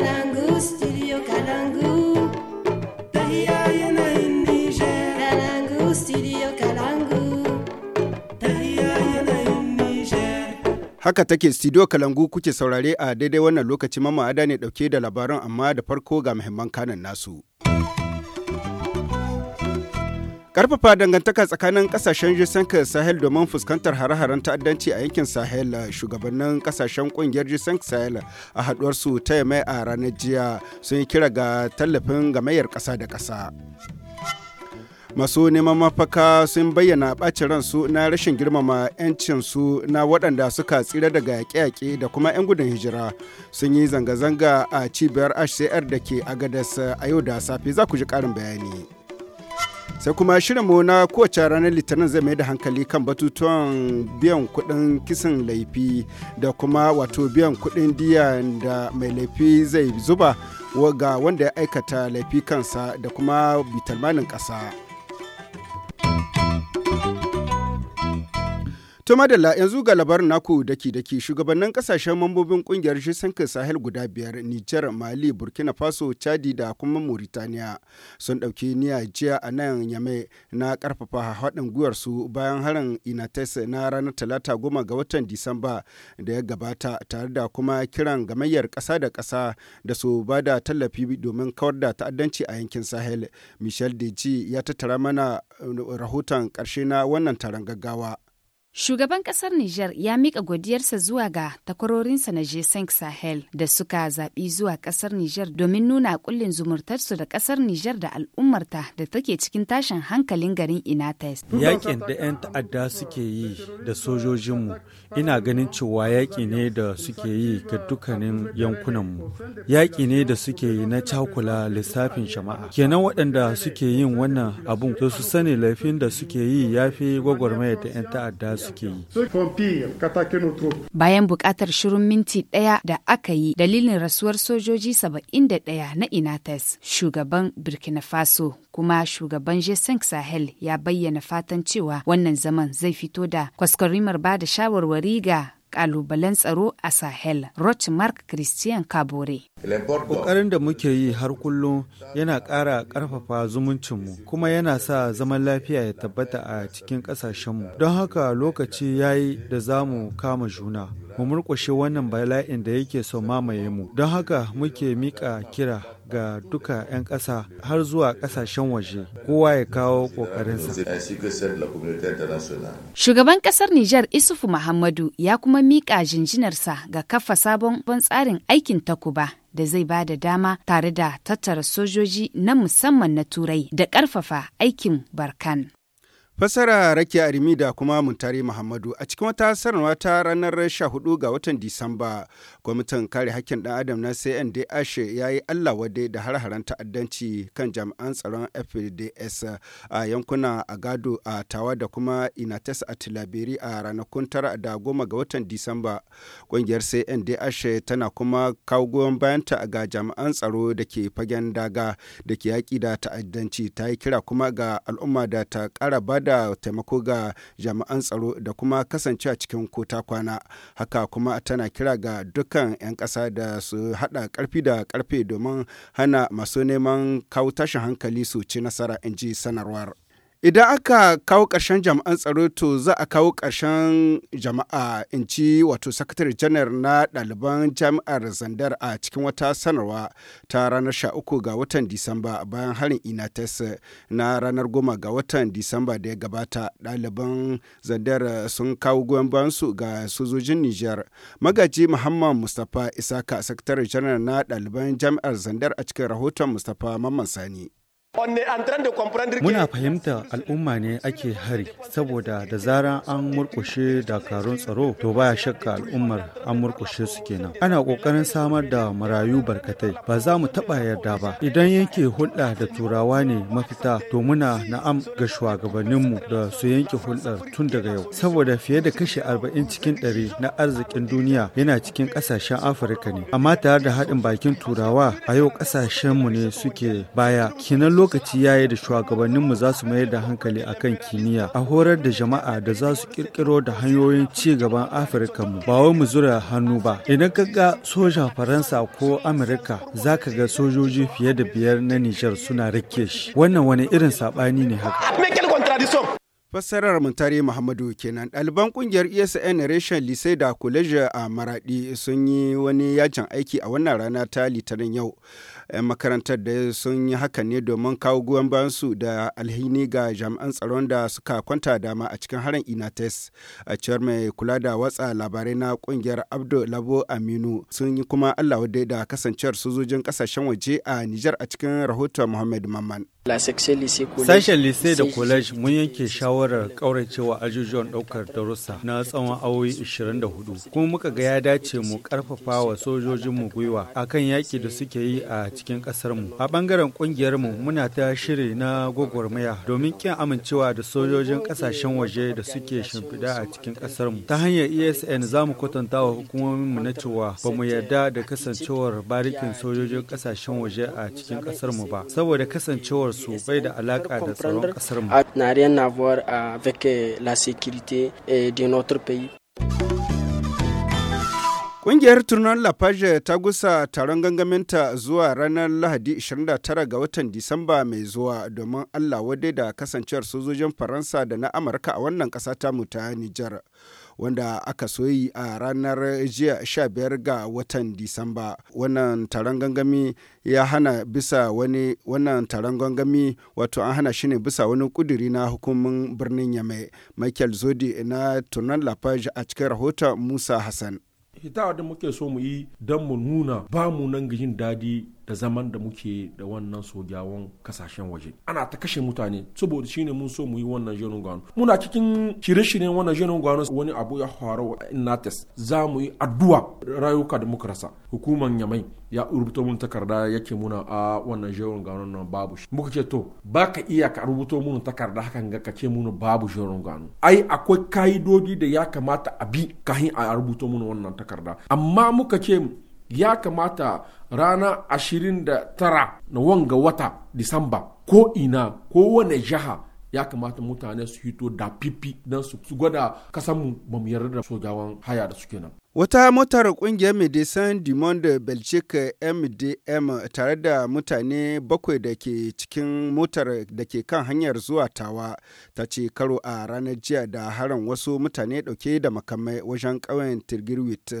kalangu studio kalangu haka take studio kalangu kuke saurare a daidai wannan lokaci ada ne dauke da labaran amma da farko ga muhimman kanan nasu Karfafa dangantaka tsakanin kasashen g Sahel domin fuskantar hare-haren ta'addanci a yankin Sahel shugabannin kasashen kungiyar g Sahel a haduwar su ta yamai a ranar jiya sun yi kira ga tallafin gamayyar kasa da kasa. masu neman mafaka sun bayyana ɓacin ransu na rashin girmama 'yancinsu na waɗanda suka tsira daga yaƙe-yaƙe da kuma 'yan gudun hijira sun yi zanga-zanga a cibiyar hcr da ke agadas a yau da safe za ku ji karin bayani. sai kuma shirinmu na kowace ranar litinin zai mai da hankali kan batutuwan biyan kudin kisan laifi da kuma wato biyan kudin diya da mai laifi zai zuba ga wanda ya aikata laifi kansa da kuma bitalmanin ƙasa. To madalla yanzu ga labarin naku daki-daki shugabannin kasashen mambobin kungiyar shi Jisankin Sahel guda biyar Nijar, Mali, Burkina Faso, Chadi da kuma Mauritania sun ɗauki niyya jiya a nan Yame na karfafa haɗin gwiwar su bayan harin Inates na ranar Talata goma ga watan Disamba da ya gabata tare da kuma kiran gamayyar kasa da kasa da su ba da tallafi domin kawar da ta'addanci a yankin Sahel. Michel Deji ya tattara mana eh, rahoton ƙarshe na wannan taron gaggawa. Shugaban kasar Nijar ya mika godiyarsa zuwa ga takwarorinsa na G5 Sahel da suka zaɓi zuwa kasar Nijar domin nuna kullin zumurtarsu da kasar Nijar da al'ummarta da take cikin tashin hankalin garin Inates. yaƙin da 'yan ta'adda suke yi da sojojinmu ina ganin cewa yaƙi ne da suke yi ga dukkanin yankunanmu. Yaƙi ne da suke yi na cakula lissafin jama'a Kenan waɗanda suke yin wannan abun to su sani laifin da suke yi ya fi gwagwarmaya da 'yan ta'adda suke yi. Bayan buƙatar shirin minti ɗaya da aka yi dalilin rasuwar sojoji saba'in da 71 na Inates, shugaban Burkina Faso kuma shugaban G5 Sahel ya bayyana fatan cewa wannan zaman zai fito da kwaskwarimar ba da shawarwari ga kalubalen tsaro a Sahel, Roch Mark Christian Kabore. Ƙoƙarin da muke yi har kullum yana ƙara ƙarfafa zumuncinmu kuma yana sa zaman lafiya ya tabbata a cikin ƙasashenmu. Don haka lokaci ya yi da za mu kama juna. mu murƙushe wannan bala'in da yake so mamaye mu don haka muke miƙa kira ga duka 'yan ƙasa har zuwa ƙasashen waje kowa ya kawo ƙoƙarinsa. Shugaban ƙasar Nijar Isufu Muhammadu ya kuma miƙa jinjinarsa ga kafa sabon ban tsarin aikin takuba da zai ba da dama tare da tattara sojoji na musamman na turai da ƙarfafa aikin barkan. Fasara Rakiya Arimi da kuma Muntari Muhammadu a cikin wata sanarwa ta ranar 14 ga watan Disamba, gwamnatin kare hakkin ɗan adam na CNDH ya yi Allah wadai da har-haren ta'addanci kan jami'an tsaron FDS a yankuna a gado a Tawa da kuma Inates a tilabiri a ranakun tara da goma ga watan Disamba. Ƙungiyar CNDH tana kuma kawo bayanta ga jami'an tsaro da ke fagen daga da ke yaƙi da ta'addanci ta yi kira kuma ga al'umma da ta ƙara bada da taimako ga jami'an tsaro da kuma kasance a cikin kota kwana haka kuma tana kira ga dukkan 'yan ƙasa da su haɗa ƙarfi da ƙarfe domin hana masu neman kawo tashin hankali su ci nasara in ji sanarwar. Idan aka kawo ƙarshen jama'an tsaro to za a kawo ƙarshen jama'a in ci wato sakatare janar na ɗaliban jami'ar Zandar a cikin wata sanarwa ta ranar 13 ga watan Disamba bayan harin Inates na ranar 10 ga watan Disamba da ya gabata ɗaliban Zandar sun kawo goyon su ga sojojin Nijar. Magaji Muhammad Mustapha Isaka sakatare janar na ɗaliban jami'ar Zandar a cikin rahoton Mustapha Mamman Sani. Muna fahimta al'umma ne ake hari saboda da zarar an murkushe dakarun tsaro to baya shakka al'ummar an murkushe su kenan. Ana ƙoƙarin samar da marayu barkatai ba za mu taɓa yarda ba. Idan yanke hulɗa da turawa ne mafita to muna na'am ga shugabanninmu da su yanke hulɗar tun daga yau. Saboda fiye da kashe arba'in cikin ɗari na arzikin duniya yana cikin ƙasashen Afirka ne. Amma tare da haɗin bakin turawa a yau ƙasashenmu ne suke baya. Kinan lokaci ya yi da shugabanninmu za su mayar da hankali a kan kimiyya a horar da jama'a da za su kirkiro da hanyoyin ci gaban afirka mu ba wai mu zura hannu ba idan ka ga sojan faransa ko amurka za ka ga sojoji fiye da biyar na nijar suna rike shi wannan wani irin saɓani ne haka fassarar muntari muhammadu kenan ɗaliban ƙungiyar esn reshen lisai da kuleja a Maraɗi sun yi wani yajin aiki a wannan rana ta litinin yau 'yan makarantar da sun yi hakan ne domin kawo goyon bayan su da alhini ga jami'an tsaron da suka kwanta dama a cikin harin inates a cewar mai kula da watsa labarai na kungiyar abdu labo aminu sun yi kuma allah da kasancewar sojojin kasashen waje a nijar a cikin rahoton muhammad mamman Sashen lise da college mun yanke shawarar kauracewa ajujuwan daukar darussa na tsawon awoyi 24 kuma muka ga ya dace mu karfafa wa sojojinmu gwiwa a kan yaƙi da suke yi a cikin ƙasarmu. A bangaren ƙungiyarmu, muna ta shiri na gwagwarmaya domin kin amincewa da sojojin ƙasashen waje da suke shimfiɗa a cikin ƙasarmu. Ta hanyar ESN za mu kwatanta wa hukumominmu na cewa ba mu yarda da kasancewar barikin sojojin ƙasashen waje a cikin ƙasarmu ba saboda kasancewar mutuwar su bai da alaka da tsaron kasar mu. Na rien à voir avec eh, la sécurité eh, de notre pays. Ƙungiyar Turnon Page ta gusa taron gangamin ta zuwa ranar Lahadi 29 ga watan Disamba mai zuwa domin Allah wadai da kasancewar sojojin Faransa da na Amurka a wannan kasa ta ta Nijar. wanda aka soyi a ranar jiya 15 ga watan Disamba. Wannan taron gangami ya hana bisa wani wannan taron gangami wato an hana shi ne bisa wani kuduri na hukumin birnin yame Michael Zodi na Tunan Lafage a cikin rahoton Musa Hassan. Hitawa da muke so mu yi don mu nuna ba mu nan ga dadi daɗi da zaman da muke da wannan sojawan kasashen waje ana ta kashe mutane saboda shine mun so mu yi wannan jenin gwano muna cikin shirye-shiryen wannan jenin gwano wani abu ya faru a nates za mu yi addu'a rayuka da muka rasa hukuman yamai ya rubuto mun takarda yake muna a wannan jerin gwano nan babu shi muka ce to ba ka iya ka rubuto mun takarda hakan ga ka ce mun babu jerin gwano ai akwai ka'idodi da ya kamata a bi kahin a rubuto mun wannan takarda amma muka ce ya kamata rana 29 na wanga wata disamba ko ina ko wane jiha ya kamata mutane su hito da pipi don su gwada kasanmu ba mu yarda da sojawan haya da suke nan Wata motar ƙungiyar Medecin du Monde Belgique MDM tare da mutane bakwai da ke cikin motar da ke kan hanyar zuwa Tawa ta ce karo a ranar jiya da harin wasu mutane ɗauke da makamai wajen ƙauyen Tirgirwit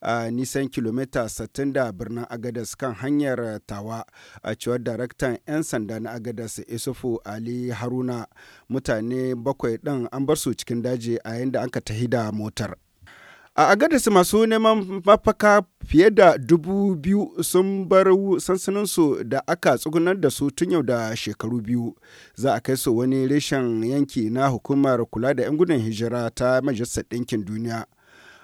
a nisan kilomita 60 da birnin Agadas kan hanyar Tawa a cewar daraktan 'yan sanda na Agadas Isufu Ali Haruna mutane bakwai ɗin an bar su cikin daji a yayin da aka tahi da motar. A Agadis masu neman mafaka fiye da dubu biyu sun bar sansaninsu da aka tsugunar da su tun yau da shekaru biyu. Za a kai su wani reshen yanki na hukumar kula da 'yan gudun hijira ta Majalisar Ɗinkin Duniya.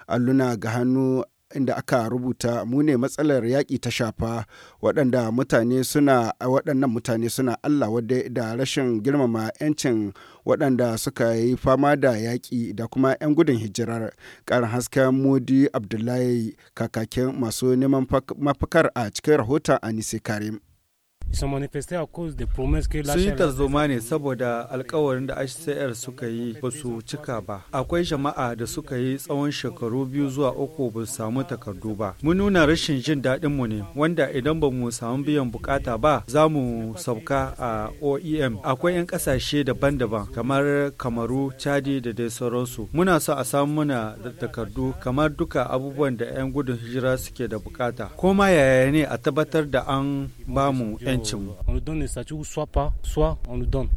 Alluna ga hannu inda aka rubuta mu matsalar yaƙi ta shafa waɗanda mutane suna waɗannan mutane suna Allah wadda da rashin girmama 'yancin waɗanda suka yi fama da yaƙi da kuma 'yan gudun hijirar ƙarin hasken modi abdullahi kakakin masu neman mafakar a cikin rahoton anise karim sun yi tarzoma ne saboda alkawarin da hcr suka yi ba su cika ba akwai jama'a da suka yi tsawon shekaru biyu zuwa uku ba su samu takardu ba mun nuna rashin jin daɗin mu ne wanda idan ba mu samu biyan bukata ba za mu sauka a oem akwai 'yan ƙasashe daban-daban kamar kamaru chadi da dai sauransu muna so a samu muna da takardu kamar duka abubuwan da 'yan gudun hijira suke da bukata koma yaya ne a tabbatar da an bamu 'yan On nous donne les statuts soit pas, soit on nous donne.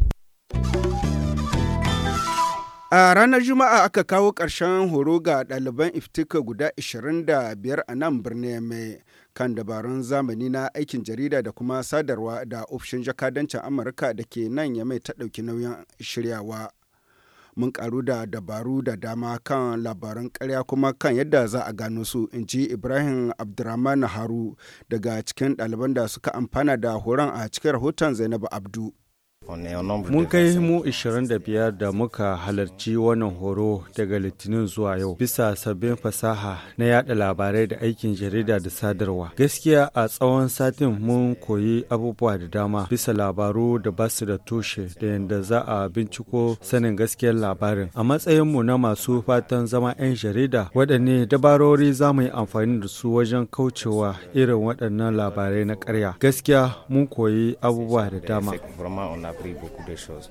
A ranar Juma'a aka kawo ƙarshen horo ga ɗaliban iftika guda 25 a nan birnin mai kan dabarun zamani na aikin jarida da kuma sadarwa da ofishin jakadancin Amurka da ke nan ya mai ta ɗauki nauyin shiryawa. mun karu da dabaru da dama kan labaran karya kuma kan yadda za a gano su in ji ibrahim abdurrahman haru daga cikin ɗaliban da suka amfana da horon a cikin rahoton zainabu abdu Mun kai mu 25 da muka halarci wannan horo daga Litinin zuwa yau bisa sabbin fasaha na yada labarai da aikin jarida da sadarwa. Gaskiya a tsawon satin mun koyi abubuwa da dama bisa labaru da basu da tushe da yadda za a binciko sanin gaskiyar labarin. A matsayin mu na masu fatan zama 'yan jarida waɗanne dabarori za mu yi amfani da su wajen kaucewa irin waɗannan labarai na ƙarya. Gaskiya mun koyi abubuwa da dama. appris beaucoup de choses.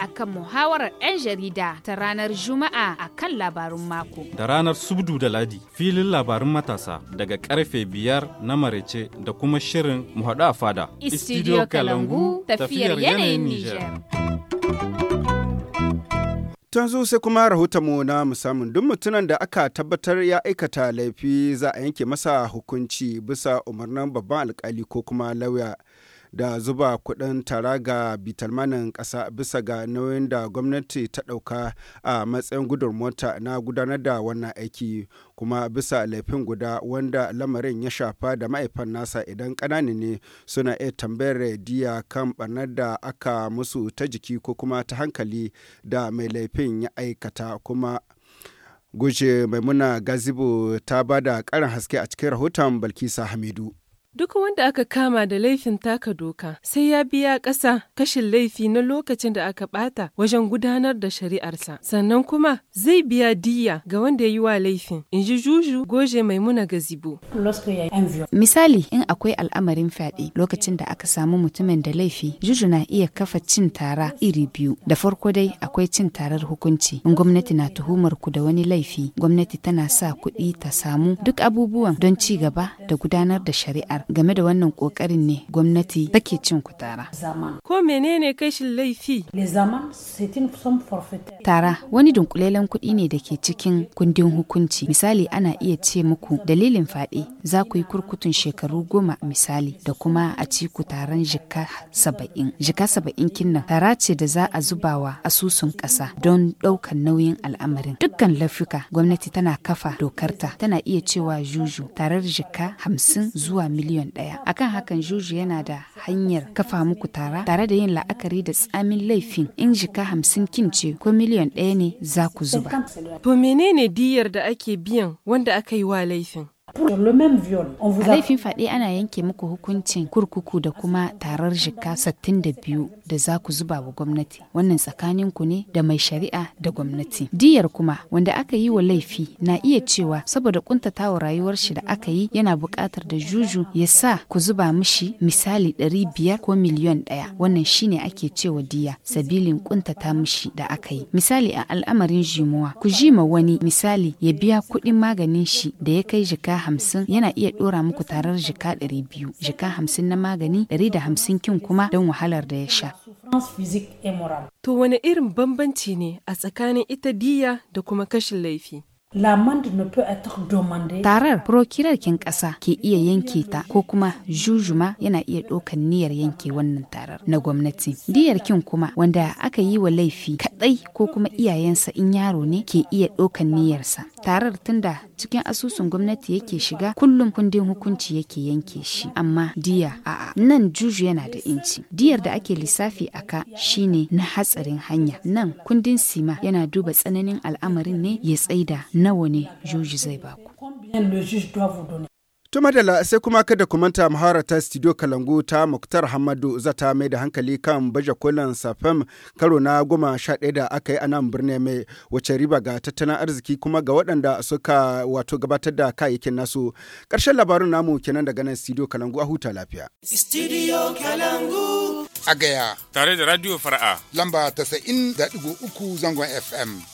akan muhawarar 'yan jarida ta ranar Juma'a a kan labarun mako. Da ranar Subdu da Ladi filin labarun matasa daga karfe biyar na marece da kuma shirin muhaɗu a fada. Istidiyo Kalangu tafiyar yanayin Nijar. yanzu sai kuma mu na musamman duk mutumin da aka tabbatar ya aikata laifi za a yanke masa hukunci bisa umarnin babban alkali ko kuma lauya da zuba kuɗin tara ga bitalmanin ƙasa bisa ga nauyin da gwamnati ta ɗauka a matsayin gudun mota na gudanar da wannan aiki kuma bisa laifin guda wanda lamarin ya shafa da ma'aifan nasa idan ƙanani ne suna iya tambayar diya kan barnar da aka musu ta jiki ko kuma ta hankali da mai laifin ya aikata kuma guje maimuna gazibo ta bada ƙarin haske a cikin rahoton balkisa hamidu Duk wanda aka kama da laifin taka doka sai ya biya ƙasa kashin laifi na lokacin da aka ɓata wajen gudanar da shari'arsa, sannan kuma zai biya diya ga wanda ya yi wa laifin, in ji Juju Goje mai Maimuna Zibo. Misali in akwai al'amarin fyaɗe lokacin da aka samu mutumin da laifi, Juju na iya kafa cin tara iri biyu. Da farko dai akwai cin tarar hukunci, in gwamnati na tuhumar ku da wani laifi, gwamnati tana sa kuɗi ta samu duk abubuwan don ci gaba da gudanar da shari'ar. game da wannan kokarin ne gwamnati take cin kutara. Ko menene kashin laifi? Tara wani dunkulelen kuɗi ne da ke cikin kundin hukunci. Misali ana iya ce muku dalilin faɗi za ku yi kurkutun shekaru goma misali da kuma a ci ku taron jika saba'in. Jika saba'in kinnan tara ce da za a zubawa asusun ƙasa don ɗaukan nauyin al'amarin. Dukkan lafuka gwamnati tana kafa dokarta tana iya cewa juju tarar jika hamsin zuwa miliyan miliyan ɗaya. Akan hakan juju yana da hanyar kafa muku tara tare da yin la'akari da tsamin laifin in jika hamsin kin ce ko miliyan ɗaya ne za ku zuba. To menene diyar da ake biyan wanda aka yi wa laifin? a Laifin faɗi ana yanke muku hukuncin kurkuku da kuma tarar jika 62 da za ku zuba wa gwamnati. Wannan tsakanin ku ne da mai shari'a da gwamnati. Diyar kuma wanda aka yi wa laifi na iya cewa saboda kuntatawa rayuwar shi da aka yi yana buƙatar da juju ya sa ku zuba mishi misali 500 ko miliyon ɗaya. Wannan shine ake cewa diya sabilin kuntata mishi da aka yi. Misali a al'amarin jimuwa ku jima wani misali ya biya kuɗin maganin shi da ya kai jika hamsin yana iya ɗora muku tarar jika ɗari biyu jika hamsin na magani ɗari da hamsin kin kuma don wahalar da ya sha. To wani irin bambanci ne a tsakanin ita diya da kuma kashin laifi? Tarar prokirarkin ƙasa ke iya yanke ta ko kuma jujuma yana iya ɗaukan niyyar yanke wannan tarar na gwamnati. Diyar kin kuma wanda aka yi wa laifi kaɗai ko kuma iyayensa in yaro ne ke iya ɗaukan niyyarsa. Tarar tunda cikin asusun gwamnati yake shiga kullum kundin hukunci yake yanke shi amma diya a'a nan juju yana da inci diyar da ake lissafi a ka shine na hatsarin hanya nan kundin sima yana duba tsananin al'amarin ne ya tsaida nawa ne juju zai baku To madala sai kuma kada ku manta ta studio Kalangu ta Muktar Hamadu zata mai da hankali kan baje kolin safam karo na goma sha ɗaya da aka yi a nan birnin mai wacce riba ga tattalin arziki kuma ga waɗanda suka wato gabatar da kayayyakin nasu. Ƙarshen labarin namu kenan daga nan studio Kalangu a huta lafiya. Studio Kalangu. A gaya. Tare da Radio Fara'a. Lamba uku zangon FM.